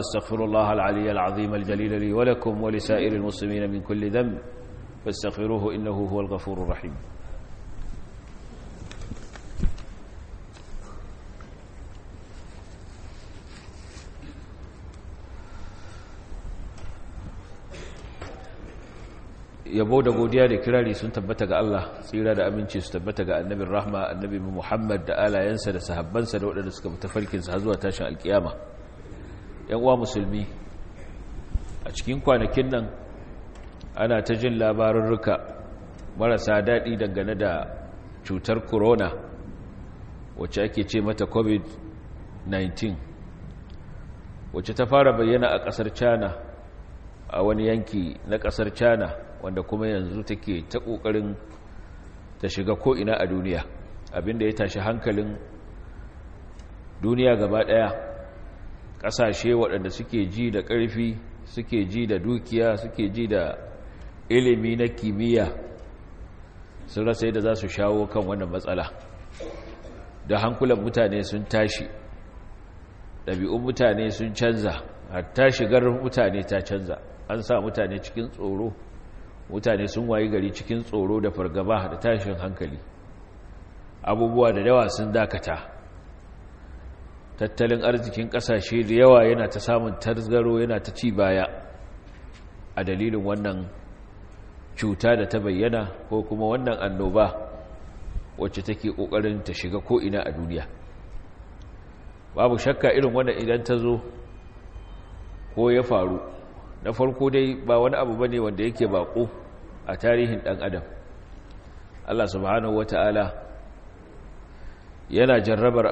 أستغفر الله العلي العظيم الجليل لي ولكم ولسائر المسلمين من كل ذنب فاستغفروه إنه هو الغفور الرحيم yabo da godiya da kirari sun tabbata ga Allah tsira da aminci su tabbata ga annabin rahma annabi Muhammad da alayensa da sahabbansa da waɗanda suka bi tafarkinsa har zuwa tashin alkiyama yan uwa musulmi a cikin kwanakin nan ana ta jin labarurruka marasa daɗi dangane da cutar corona wacce ake ce mata covid-19 wacce ta fara bayyana a ƙasar china a wani yanki na ƙasar china wanda kuma yanzu take ta ƙoƙarin ta shiga ko'ina a duniya abinda ya tashi hankalin duniya gaba ɗaya kasashe waɗanda suke ji da ƙarfi suke ji da dukiya suke ji da ilimi na kimiyya sun rasa yadda za su shawo kan wannan matsala da hankulan mutane sun tashi ɗabi'un mutane sun canza hatta shigar mutane ta canza an sa mutane cikin tsoro mutane sun wayi gari cikin tsoro da fargaba da tashin hankali abubuwa da yawa sun dakata tattalin arzikin ƙasashe da yawa yana ta samun tarzgaro yana ta ci baya a dalilin wannan cuta da ta bayyana ko kuma wannan annoba wacce take ƙoƙarin ta shiga ko'ina a duniya babu shakka irin wannan idan ta zo ko ya faru na farko dai ba wani abu bane wanda yake bako a tarihin ɗan adam Allah subhanahu Ta'ala. yana jarrabar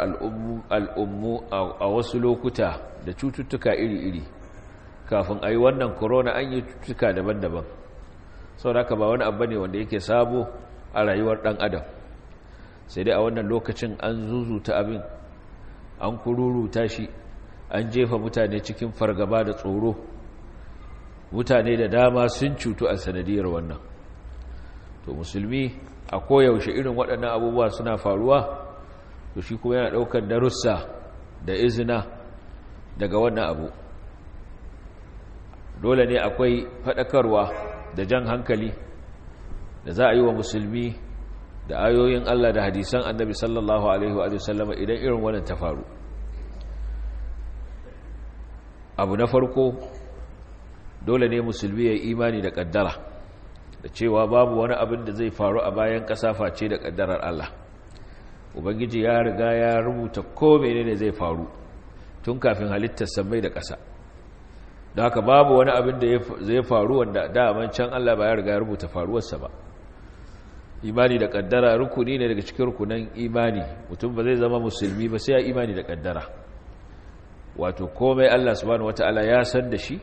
al'ummu a wasu lokuta da cututtuka iri-iri kafin a yi wannan korona an yi cututtuka daban-daban sau da ba wani abu ne wanda yake sabo a rayuwar ɗan adam sai dai a wannan lokacin an zuzuta abin an kururuta shi an jefa mutane cikin fargaba da tsoro mutane da dama sun cutu a sanadiyar wannan to musulmi a koyaushe irin waɗannan abubuwa suna faruwa to shi kuma yana ɗaukar darussa da izina daga wannan abu dole ne akwai faɗakarwa da jan hankali da za a yi wa musulmi da ayoyin Allah da hadisan annabi sallallahu alaihi wa sallama idan irin wannan ta faru abu na farko dole ne musulmi ya yi imani da kaddara da cewa babu wani abin da zai faru a bayan ƙasa face da kaddarar Allah ubangiji ya riga ya rubuta ko menene zai faru tun kafin halittar sammai da ƙasa da haka babu wani abin da zai faru wanda daman can Allah ba ya riga ya rubuta faruwarsa ba imani da ƙaddara rukuni ne daga cikin rukunan imani mutum ba zai zama musulmi ba sai ya imani da kaddara wato komai Allah subhanahu wataala ya san da shi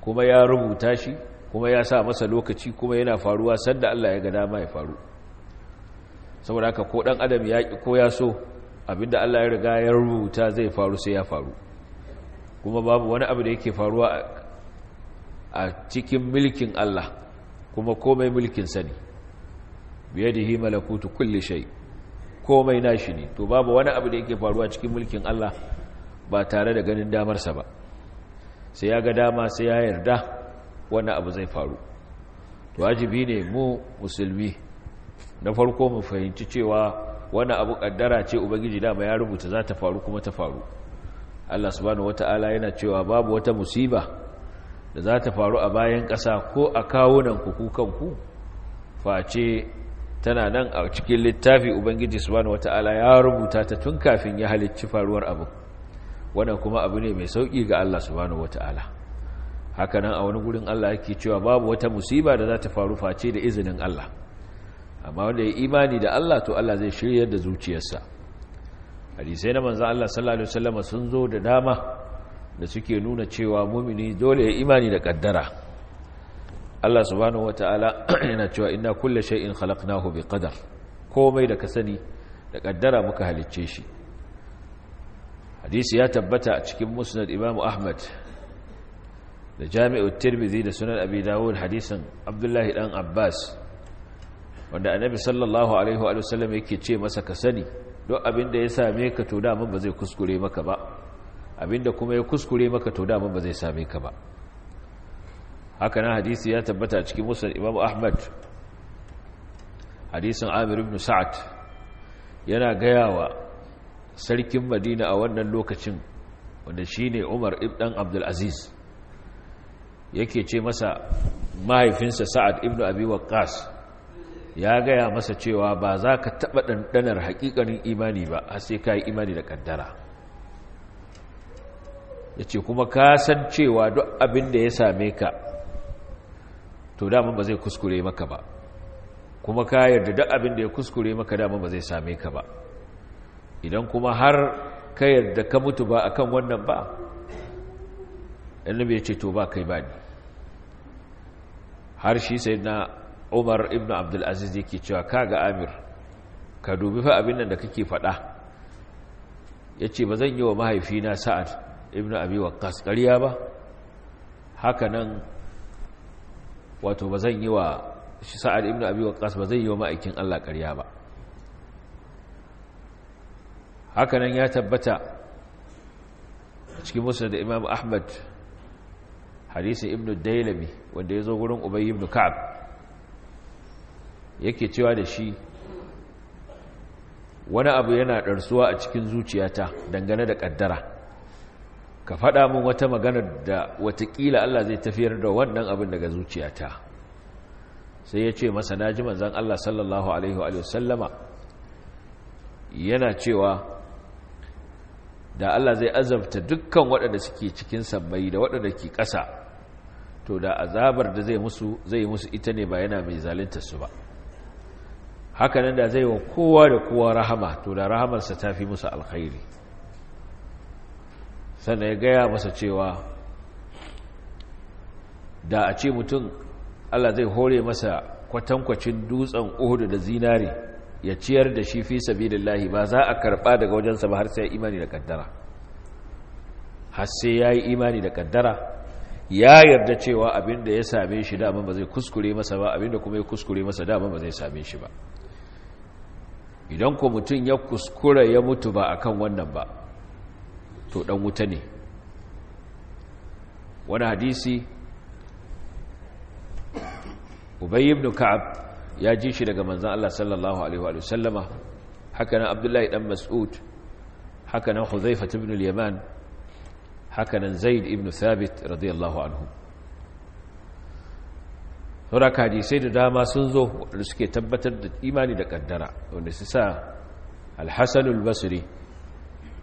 kuma ya rubuta shi kuma ya sa masa lokaci kuma yana faruwa sanda Allah ya ga dama ya faru saboda haka ko dan adam ya ki ko ya so abinda Allah ya riga ya rubuta zai faru sai ya faru kuma babu wani abu da yake faruwa a cikin milkin Allah kuma komai mulkin sa ne biyadihi malakutu kulli shay komai nashi ne to babu wani abu da yake faruwa cikin mulkin Allah ba tare da ganin damarsa ba sai ya ga dama sai ya yarda wani abu zai faru to wajibi ne mu musulmi na farko mu fahimci cewa wani abu ƙaddara ce ubangiji dama ya rubuta za ta faru kuma ta faru Allah subhanahu wata'ala yana cewa babu wata musiba da za ta faru a bayan ƙasa ko a kawunan ku kanku face tana nan a cikin littafi ubangiji subhanahu wata'ala ya rubuta ta tun kafin ya halicci faruwar abu wannan kuma abu ne mai sauƙi ga Allah subhanahu wata'ala haka nan a wani gurin Allah yake cewa babu wata musiba da za ta faru face da izinin Allah amma wanda ya imani da Allah to Allah zai shiryar da zuciyarsa hadisai na manzo Allah sallallahu alaihi wasallam sun zo da dama da suke nuna cewa mumini dole ya imani da kaddara Allah subhanahu wataala yana cewa inna kulla shay'in khalaqnahu biqadar komai da ka sani da kaddara muka halicce shi hadisi ya tabbata a cikin musnad imamu ahmad da jami'ut tirmidhi da sunan abi dawud hadisin abdullahi dan abbas wanda annabi sallallahu alaihi wa sallam yake ce masa ka sani duk da ya same ka to dama ba zai kuskure maka ba abin da kuma ya kuskure maka to dama ba zai same ka ba haka nan hadisi ya tabbata cikin musul imam ahmad hadisin amir ibn sa'ad yana gayawa sarkin madina a wannan lokacin wanda shine umar ibn abdul yake ce masa mahaifinsa sa'ad ibn abi waqqas ya gaya masa cewa ba za ka taɓa ɗanɗanar haƙiƙanin imani ba har sai ka yi imani da ƙaddara ya ce kuma ka san cewa duk abin da ya same ka to daman ba zai kuskure maka ba kuma ka yarda duk abin da ya kuskure maka daman ba zai same ka ba idan kuma har ka yarda ka mutu ba akan wannan ba annabi ya ce to ba kai ba ni har shi sai na umar ibn abdulaziz yake cewa kaga amir ka dubi fa abin nan da kake faɗa ya ce ba zan yi wa mahaifina sa'ad ibn abi waqqas ƙarya ba haka nan wato ba zan yi wa sa'ad ibn abi waqqas ba zan yi wa ma'aikin Allah ƙarya ba haka nan ya tabbata cikin Musa da imam ahmad hadisin ibn dailami wanda ya zo gurin ubayi ibn ka'ab yake cewa da shi wani abu yana ɗarsuwa a cikin zuciyata dangane da ƙaddara ka faɗa min wata magana da watakila Allah zai tafiyar da wannan abin daga zuciyata sai ya ce masa na ji manzan Allah sallallahu Alaihi wasallama yana cewa da Allah zai azabta dukkan waɗanda suke cikin sabbai da waɗanda ke ƙasa to da azabar da zai musu zai musu ita ne ba yana mai zalunta su ba hakanan da zai wa kowa da kowa rahama to da rahamarsa ta fi musu alkhairi sannan ya gaya masa cewa da a ce mutum Allah zai hore masa kwatankwacin dutsen ohudu da zinari ya ciyar da shi fi sabilillahi ba za a karɓa daga wajensa ba har sai imani da kaddara har sai ya yi imani da kaddara ya yarda cewa abinda ya same shi daman ba zai kuskure masa ba abinda kuma ya kuskure masa daman ba zai same shi ba idan ko mutum ya kuskura ya mutu ba akan wannan ba to dan wuta ne wani hadisi ubayy ibn ka'ab ya ji shi daga manzon Allah sallallahu alaihi wa haka nan abdullahi dan mas'ud haka nan huzaifah ibn yaman haka nan zaid ibn thabit radiyallahu anhu sauraka sai da dama sun zo da suke tabbatar da imani da kaddara wanda su sa alhassanul basri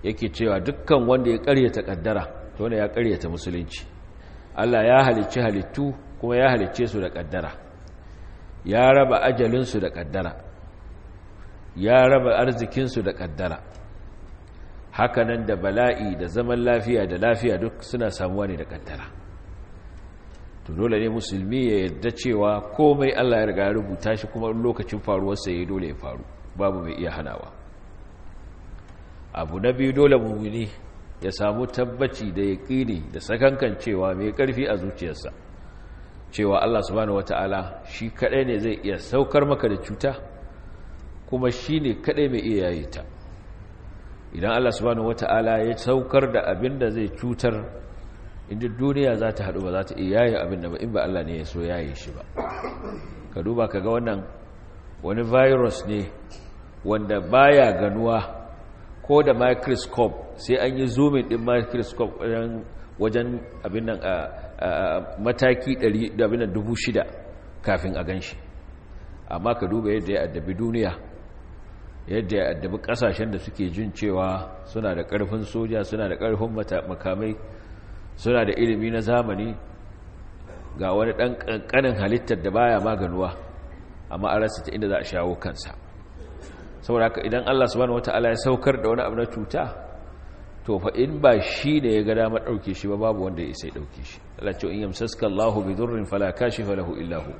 yake cewa dukkan wanda ya karyata kaddara to ne ya karyata musulunci Allah ya halicci halittu kuma ya halicce su da kaddara ya raba ajalinsu da kaddara ya raba arzikinsu da kaddara hakanan da bala'i da zaman lafiya da lafiya duk suna samuwa ne da kaddara to dole ne musulmi ya yadda cewa komai Allah ya riga rubuta shi kuma lokacin faruwarsa ya dole ya faru babu mai iya hanawa abu na biyu dole mummuni ya samu tabbaci da yaƙini da sakankan cewa mai ƙarfi a zuciyarsa cewa Allah subhanahu wata'ala shi kaɗai ne zai iya saukar maka da cuta kuma shi ne kadai mai iya yayi ta idan Allah subhanahu wata'ala ya saukar da abin da zai cutar inda duniya za ta haɗu ba za ta iya yaye abin da ba in ba Allah ne ya so yaye shi ba ka duba ka ga wannan wani virus ne wanda baya ganuwa ko da microscope sai an yi zoomin din microscope wajen abin nan a mataki 600 kafin a ganshi amma ka duba yadda ya addabi duniya yadda ya addabi kasashen da suke jin cewa suna da karfin soja suna da karfin makamai suna da ilimi na zamani ga wani ɗan ƙanƙanin halittar da baya maganuwa amma an rasa ta inda za a shawo kansa saboda haka idan Allah subhanahu wataala ya saukar da wani abu na cuta to fa in ba shi ne ya ga dama dauke shi ba babu wanda ya isa ya dauke shi Allah ce in yamsaska Allahu bi fala kashifa lahu illa hu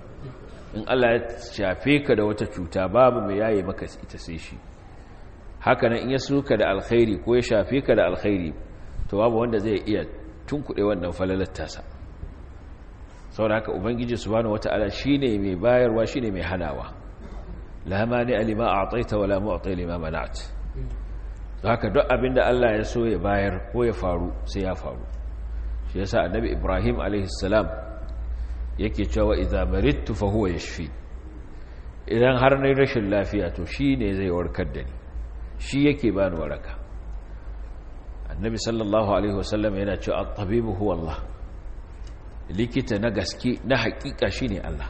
in Allah ya shafe ka da wata cuta babu mai yaye maka ita sai shi haka nan in ya suka da alkhairi ko ya shafe ka da alkhairi to babu wanda zai iya tunkuɗe wannan falalar tasa saboda haka ubangiji subhanahu wata'ala shine mai bayarwa shine mai hanawa la mani alima a'taita wala mu'ti lima za haka duk abinda Allah ya so ya bayar ko ya faru sai ya faru shi sa annabi Ibrahim alaihi yake cewa idza maridtu fa huwa yashfi idan har nayi rashin lafiya to shine zai warkar da ni shi yake bani waraka annabi sallallahu alaihi wasallam yana cewa at-tabibu huwa Allah likita na gaske na hakika shine Allah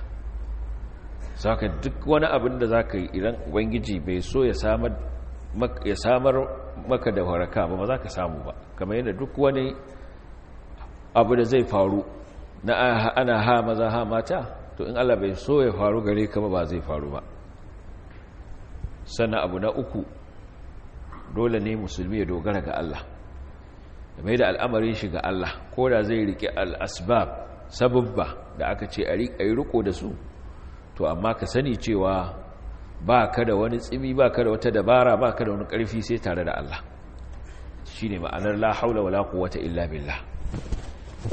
saka duk wani abin da zaka yi idan ubangiji bai so ya samar ya samar maka da waraka ba ba za samu ba kamar yadda duk wani abu da zai faru na ana ha maza ha mata to in Allah bai so ya faru gare ka ba zai faru ba sannan abu na uku dole ne musulmi ya dogara ga Allah mai da al'amarin shi ga Allah ko da zai rike al'asbab sababba da aka ce a yi riko da su to amma ka sani cewa ba ka da wani tsimi ba ka da wata dabara ba ka da wani ƙarfi sai tare da Allah shi ne ma'anar la haula wala quwwata illa billah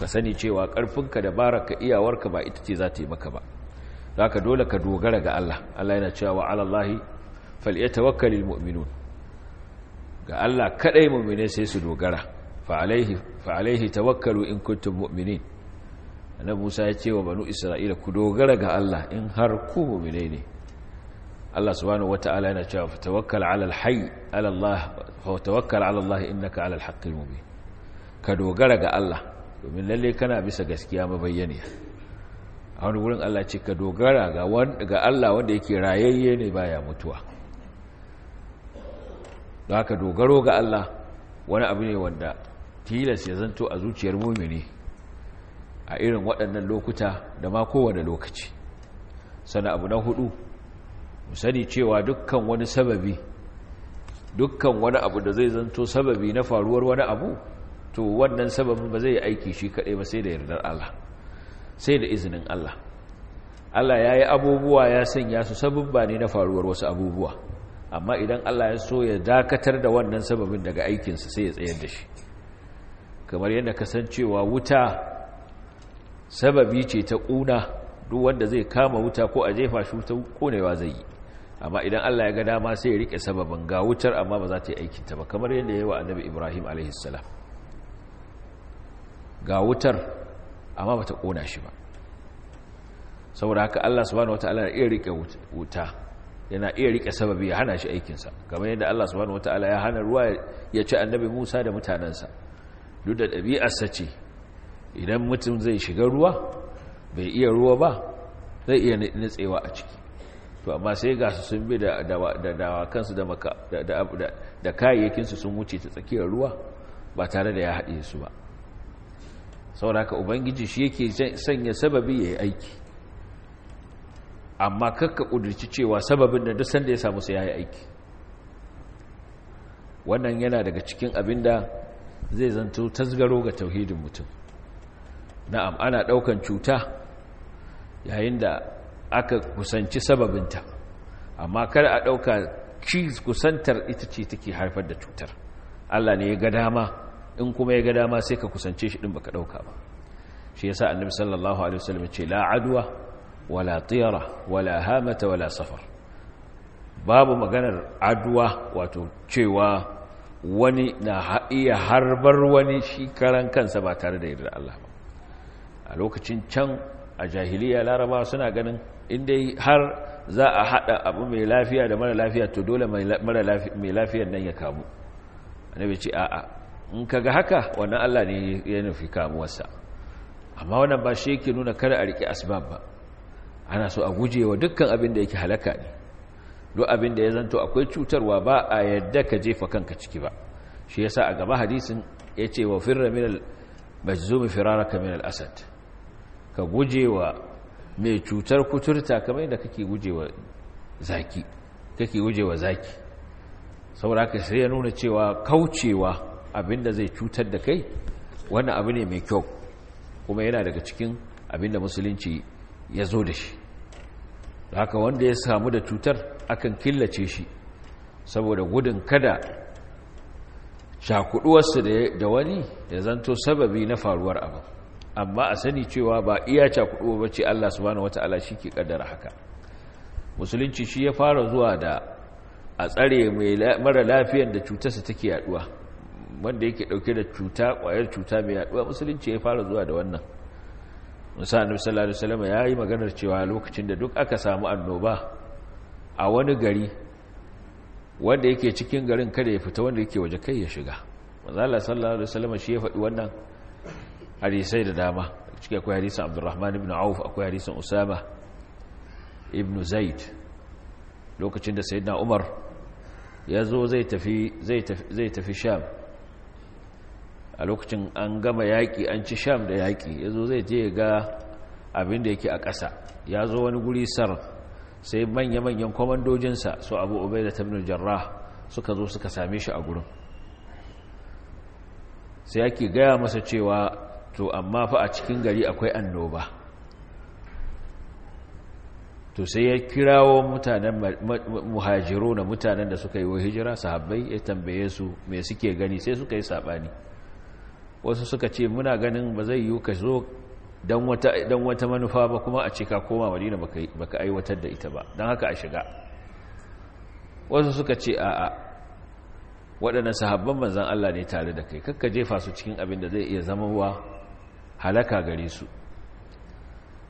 ka sani cewa ƙarfinka dabararka iyawarka ba ita ce za ta yi maka ba zaka dole ka dogara ga Allah Allah yana cewa ala Allah falyatawakkalul mu'minun ga Allah kadai mu'mine sai su dogara fa'alaihi tawakkalu in kuntum mu'minin na musa ya ce wa banu isra'ila ku dogara ga allah in har ku mu'mine ne allah subhanahu wata'ala yana cewa tawakkal ala alhayy ala allah fa tawakkal ala allah innaka ala alhaqqil mubin ka dogara ga allah domin lalle kana bisa gaskiya mabayyaniya a wani wurin allah ce ka dogara ga allah wanda yake rayayye ne baya mutuwa don haka dogaro ga allah wani abu ne wanda tilas ya zanto a zuciyar mumini a irin waɗannan lokuta da ma kowane lokaci sana abu na hudu mu sani cewa dukkan wani sababi dukkan wani abu da zai zanto sababi na faruwar wani abu to wannan sababin ba zai yi aiki shi kaɗai ba sai da yardar Allah sai da izinin Allah Allah ya yi abubuwa ya sanya su sababba ne na faruwar wasu abubuwa amma idan Allah ya so ya dakatar da wannan sababin daga aikinsa sai ya tsayar da shi kamar yadda kasancewa wuta sababi ce ta ƙuna duk wanda zai kama wuta ko a jefa shi wuta ƙonewa zai yi amma idan Allah ya ga dama sai ya rike sababin ga wutar amma ba za ta yi aikin ta ba kamar yadda ya yi wa annabi Ibrahim a.s. ga wutar amma ba ta ƙona shi ba saboda haka Allah subhanahu wataala na iya rike wuta yana iya rike sababi ya hana shi aikinsa kamar yadda Allah subhanahu wataala ya hana ruwa ya ci annabi Musa da mutanensa duk da ɗabi'arsa ce idan mutum zai shiga ruwa bai iya ruwa ba zai iya nutsewa a ciki to amma sai ga su sun bi da dawakansu da kayayyakinsu sun wuce ta tsakiyar ruwa ba tare da ya haɗe su ba sauraka ubangiji shi yake sanya sababi ya yi aiki amma kakka ƙudurci cewa sababin da duk sanda ya samu su ya yi aiki wannan yana daga cikin abin da zai zanto tasgaro ga tauhidin mutum na'am ana daukan cuta yayin da aka kusanci sababinta amma kar a dauka cheese kusantar ita ce take haifar da cutar Allah ne ya ga dama in kuma ya ga dama sai ka kusance shi din baka dauka ba shi yasa annabi sallallahu alaihi wasallam ya ce la adwa wala tiyara wala hamata wala safar babu maganar adwa wato cewa wani na iya harbar wani shi karan kansa ba tare da yardar Allah ba a lokacin can a jahiliya larabawa suna ganin inda har za a haɗa abu mai lafiya da mara lafiya to dole mai lafiyar nan ya kamu annabi ce a'a in ka ga haka wannan Allah ne ya nufi kamuwarsa amma wannan ba shi yake nuna kada a riƙe asbab ba ana so a gujewa dukkan abin da yake halaka ne duk abin da ya zanto akwai cutarwa ba a yadda ka jefa kanka ciki ba shi yasa a gaba hadisin ya ce wa firra minal majzumi ka minal asad ka guje wa mai cutar kuturta kamar yadda kake guje wa zaki kake guje wa zaki saboda haka sai ya nuna cewa kaucewa abin da zai cutar da kai wannan abu ne mai kyau kuma yana daga cikin abin da musulunci ya zo da shi haka wanda ya samu da cutar akan killace shi saboda gudun kada cakuduwarsa da wani ya zanto sababi na faruwar abu amma a sani cewa ba iya cakuduwa ba ce Allah su bane wata shi ke kaddara haka musulunci shi ya fara zuwa da a tsare mara lafiyar da cutarsa take yaduwa wanda yake dauke da cuta kwayar cuta mai yaduwa musulunci ya fara zuwa da wannan musa annabi sallallahu alaihi wasallam ya yi maganar cewa lokacin da duk aka samu annoba a wani gari wanda yake cikin garin kada ya fita wanda yake waje kai ya shiga manzo Allah sallallahu alaihi wasallam shi ya faɗi wannan hadisai da dama cikin akwai hadisin Abdurrahman ibn Auf akwai hadisin Usama ibn Zaid lokacin da sayyidina Umar ya zo zai tafi zai tafi Sham a lokacin an gama yaƙi an ci sham da yaƙi ya zo zai je ya ga abin da yake a ƙasa ya zo wani guri sar sai manya-manyan kwamandojinsa su abu obai da tabinin jarra suka zo suka same shi a gurin sai yake gaya masa cewa to amma fa a cikin gari akwai annoba to sai ya kirawo mutanen muhajiro na mutanen da suka yi wa hijira sahabbai ya tambaye su mai suke gani sai suka yi saɓani wasu suka ce muna ganin ba zai yiwu ka zo don wata manufa ba kuma a cika ka koma madina baka aiwatar da ita ba don haka a shiga wasu suka ce a'a waɗannan sahabban manzan Allah ne tare da kai kakka jefa su cikin abin da zai iya zama wa halaka gare su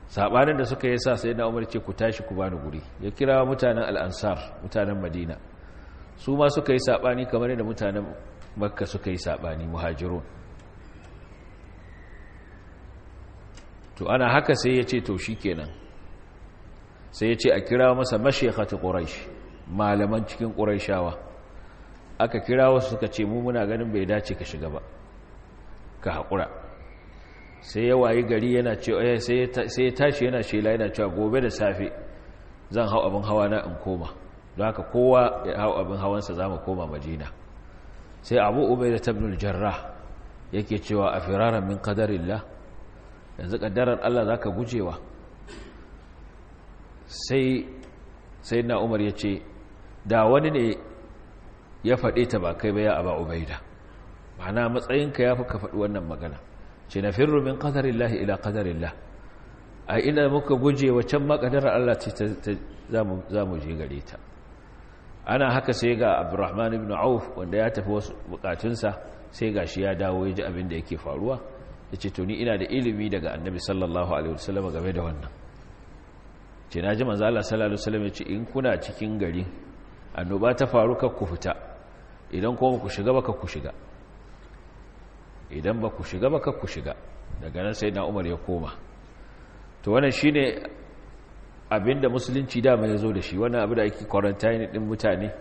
saɓanin da suka yi sa sai na umar ce ku tashi ku bani guri ya kira mutanen al'ansar mutanen madina su ma suka yi saɓani kamar yadda mutanen makka suka yi saɓani muhajirun to ana haka sai ya ce to shi kenan sai ya ce a kira masa mashekhatu quraish malaman cikin quraishawa aka kira wasu suka ce mu muna ganin bai dace ka shiga ba ka haƙura sai ya wayi gari yana cewa eh, sai ya tashi yana shela yana cewa gobe da safe zan hau abin hawa na in koma don haka kowa ya hau abin hawansa za mu koma majina sai abu ubai da tabnul jarra yake cewa a firaran min qadarillah yanzu kaddarar Allah za ka gujewa sai sai na umar ya ce da wani ne ya faɗe ta ba kai baya a ba ubaida ma'ana matsayinka ya fi ka faɗi wannan magana ce na firru min lahi ila la a ina muka guje wa can makadarar Allah ce za mu je gare ta ana haka sai ga abdurrahman ibn auf wanda ya tafi wasu bukatunsa sai ga shi ya dawo ya ji abin da yake faruwa yace to ni ina da ilimi daga annabi sallallahu alaihi wasallam game da wannan ce na ji manzo Allah sallallahu alaihi wasallam ce in kuna cikin gari annoba ta faru kar ku fita idan kuma ku shiga ba ku shiga idan ba ku shiga ba ku shiga daga nan sai na Umar ya koma to wannan shine abinda musulunci da ya zo da shi wannan abu da ake quarantine din mutane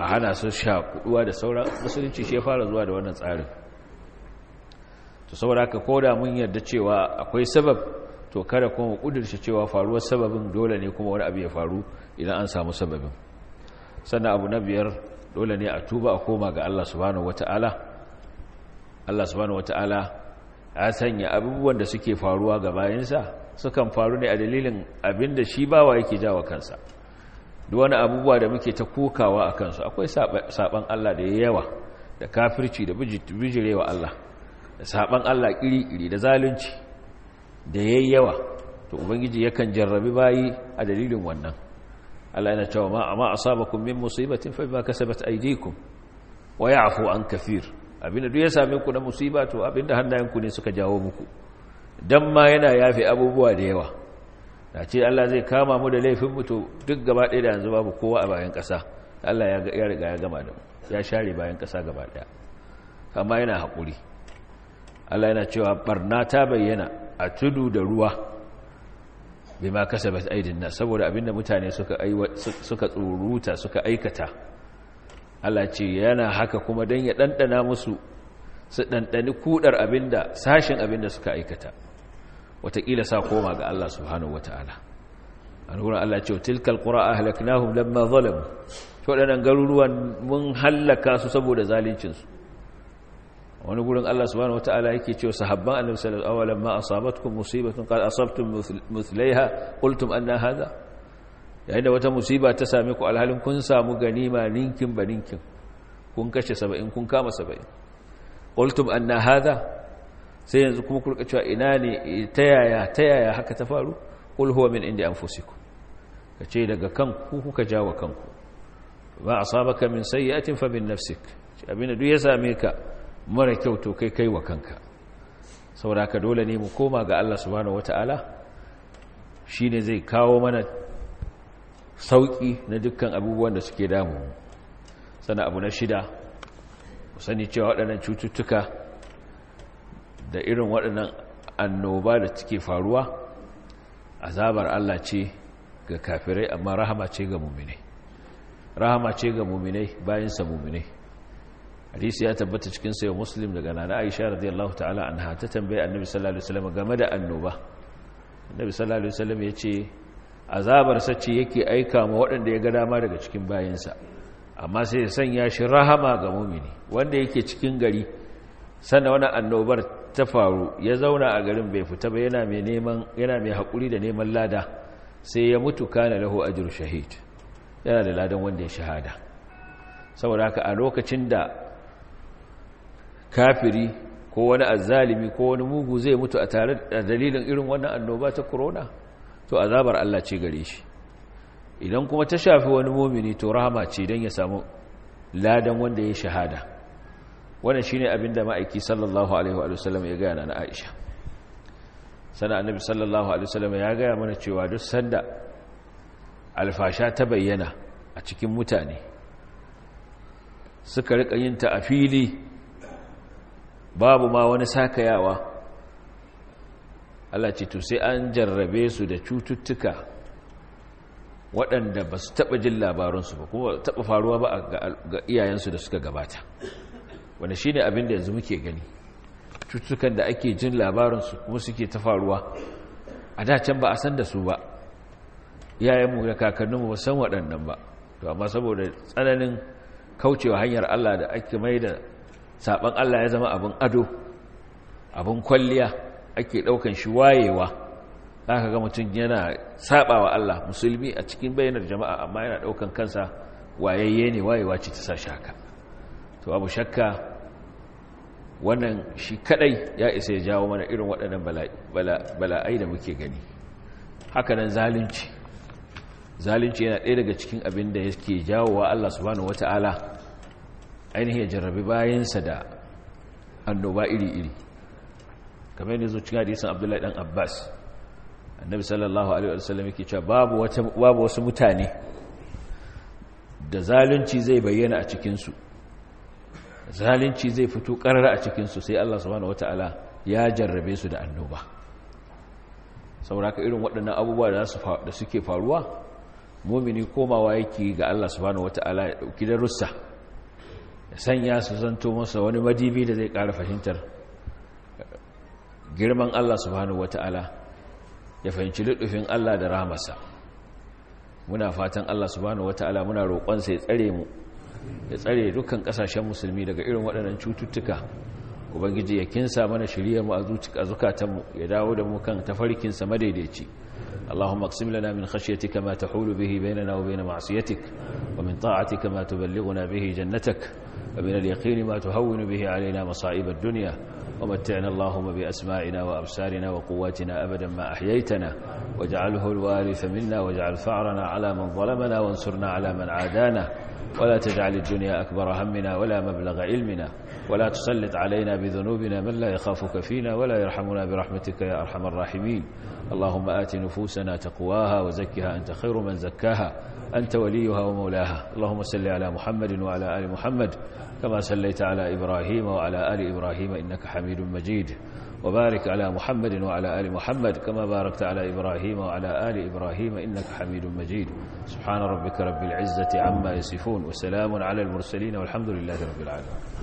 a hana su shakuduwa da sauran musulunci shi ya fara zuwa da wannan tsarin to saboda haka ko da mun yarda cewa akwai sabab to kada kuma mu cewa faruwar sababin dole ne kuma wani abu ya faru idan an samu sababin sannan abu na biyar dole ne a tuba a koma ga Allah subhanahu wataala Allah subhanahu wataala ya sanya abubuwan da suke faruwa ga bayansa sukan faru ne a dalilin abinda shi bawa yake jawo kansa duk wani abubuwa da muke ta kokawa a kansu akwai saban Allah da yawa da kafirci da bijirewa Allah da saban Allah kiri-kiri da zalunci da yawa, to ubangiji yakan jarrabi bayi a dalilin wannan Allah yana cewa ma amma asabakum min musibatin fa bima kasabat aydikum wa ya'fu an kafir abinda duk ya same ku na musiba to abinda hannayenku ne suka jawo muku dan ma yana yafe abubuwa da yawa da ce Allah zai kama mu da laifin mu to duk gaba ɗaya da yanzu babu kowa a bayan ƙasa Allah ya riga ya gama da mu ya share bayan ƙasa gaba ɗaya amma yana hakuri. Allah yana cewa barna ta bayyana a tudu da ruwa bai ma ba aidin na. saboda abinda mutane suka suka tsuruta suka aikata Allah ce yana haka kuma dan ya ɗanɗana musu su ɗanɗani kudar abinda sashin abinda suka aikata watakila sa koma ga Allah subhanahu wataala an wurin Allah ce tilkal qura ahlaknahum lamma zalamu to garuruwan mun hallaka su saboda zalincin su wani gurin Allah subhanahu wataala yake cewa sahabban annabi sallallahu alaihi wasallam ma asabatkum musibatun qad asabtum mithlaiha qultum anna hadha yayin da wata musiba ta same ku alhalin kun samu ganima ninkin ba ninkin kun kashe 70 kun kama 70 qultum anna hadha sai yanzu kuma ku cewa ina ne ta yaya ta yaya haka ta faru qul huwa min indi anfusikum kace daga kan ku kuka jawa kanku ba asabaka min sayyi'atin fa min nafsik da duk ya same ka mara kyau to kai kai wa kanka sauraka dole ne mu koma ga Allah subhanahu wata'ala shi ne zai kawo mana sauƙi na dukkan abubuwan da suke damu sana abu na shida ku sani cewa waɗannan cututtuka da irin waɗannan annoba da suke faruwa azabar Allah ce ga kafirai amma rahama ce ga muminai rahama ce ga muminai bayansa muminai hadisi ya tabbata cikin sayo muslim daga nana aisha radiyallahu ta'ala anha ta tambaye annabi sallallahu alaihi wasallam game da annoba annabi sallallahu alaihi wasallam ya ce azabar sace yake aika ma waɗanda ya ga dama daga cikin bayansa amma sai ya sanya shi rahama ga mumini wanda yake cikin gari sannan wani annobar ta faru ya zauna a garin bai fita ba yana mai neman yana mai hakuri da neman lada sai ya mutu kana lahu ajru shahid yana da ladan wanda ya shahada saboda haka a lokacin da kafiri ko wani azalimi ko wani mugu zai mutu a tare da dalilin irin wannan annoba ta corona to azabar Allah ce gare shi idan kuma ta shafi wani mumini to rahama ce don ya samu ladan wanda ya shahada wannan shine abin da ma'aiki sallallahu alaihi wa ya gaya na Aisha sana annabi sallallahu alaihi wa ya gaya mana cewa duk sanda alfasha ta bayyana a cikin mutane suka rika yin ta a fili babu ma wani sakayawa Allah ce to sai an jarrabe su da cututtuka waɗanda ba su taɓa jin labaransu ba kuma taɓa faruwa ba ga iyayensu da suka gabata wanda shi ne abin da yanzu muke gani cututtukan da ake jin labaransu kuma suke ta faruwa a dacen ba a san da su ba iyayenmu da kakanninmu ba san waɗannan ba to amma saboda tsananin kaucewa hanyar allah da ake mai da Saɓan Allah ya zama abin ado abin kwalliya ake ɗaukan shi wayewa ka ga mutum yana wa Allah musulmi a cikin bayanar jama'a amma yana ɗaukan kansa wayayye ne wayewa ce ta sashi haka to abu shakka wannan shi kaɗai ya isa ya jawo mana irin waɗannan bala'ai da muke gani hakanan zalunci zalunci yana ɗaya daga cikin abin da yake wa Allah subhanahu wata'ala ainihin ya jarrabi bayansa da annoba iri-iri kamar yadda zo cikin hadisin abdullahi dan abbas annabi sallallahu alaihi wasallam yake cewa babu wasu mutane da zalunci zai bayyana a cikinsu, zalunci zai fito karara a cikinsu, sai Allah subhanahu wataala ya jarrabe su da annoba saboda irin waɗannan abubuwa da suke faruwa mumini komawa yake ga Allah subhanahu wataala ya ɗauki darussa ya sanya su zanto masa wani madibi da zai kara fahimtar girman Allah subhanahu wata'ala ya fahimci ludufin Allah da rahamarsa muna fatan Allah subhanahu wata'ala muna roƙonsa ya tsare mu ya tsare dukkan ƙasashen musulmi daga irin waɗannan cututtuka ubangiji ya kinsa mana shiriyar mu a mu ya dawo da mu kan tafarkinsa madaidaici اللهم اقسم لنا من خشيتك na تحول wa بيننا وبين معصيتك ومن طاعتك ما na bihi jannatak. ومن اليقين ما تهون به علينا مصائب الدنيا ومتعنا اللهم بأسمائنا وأبصارنا وقواتنا أبدا ما أحييتنا واجعله الوارث منا واجعل ثأرنا على من ظلمنا وانصرنا على من عادانا ولا تجعل الدنيا أكبر همنا ولا مبلغ علمنا ولا تسلط علينا بذنوبنا من لا يخافك فينا ولا يرحمنا برحمتك يا أرحم الراحمين اللهم آت نفوسنا تقواها وزكها أنت خير من زكاها أنت وليها ومولاها اللهم صل على محمد وعلى آل محمد كما صليت على إبراهيم وعلى آل إبراهيم إنك حميد مجيد وبارك على محمد وعلى آل محمد كما باركت على إبراهيم وعلى آل إبراهيم إنك حميد مجيد سبحان ربك رب العزة عما يصفون وسلام على المرسلين والحمد لله رب العالمين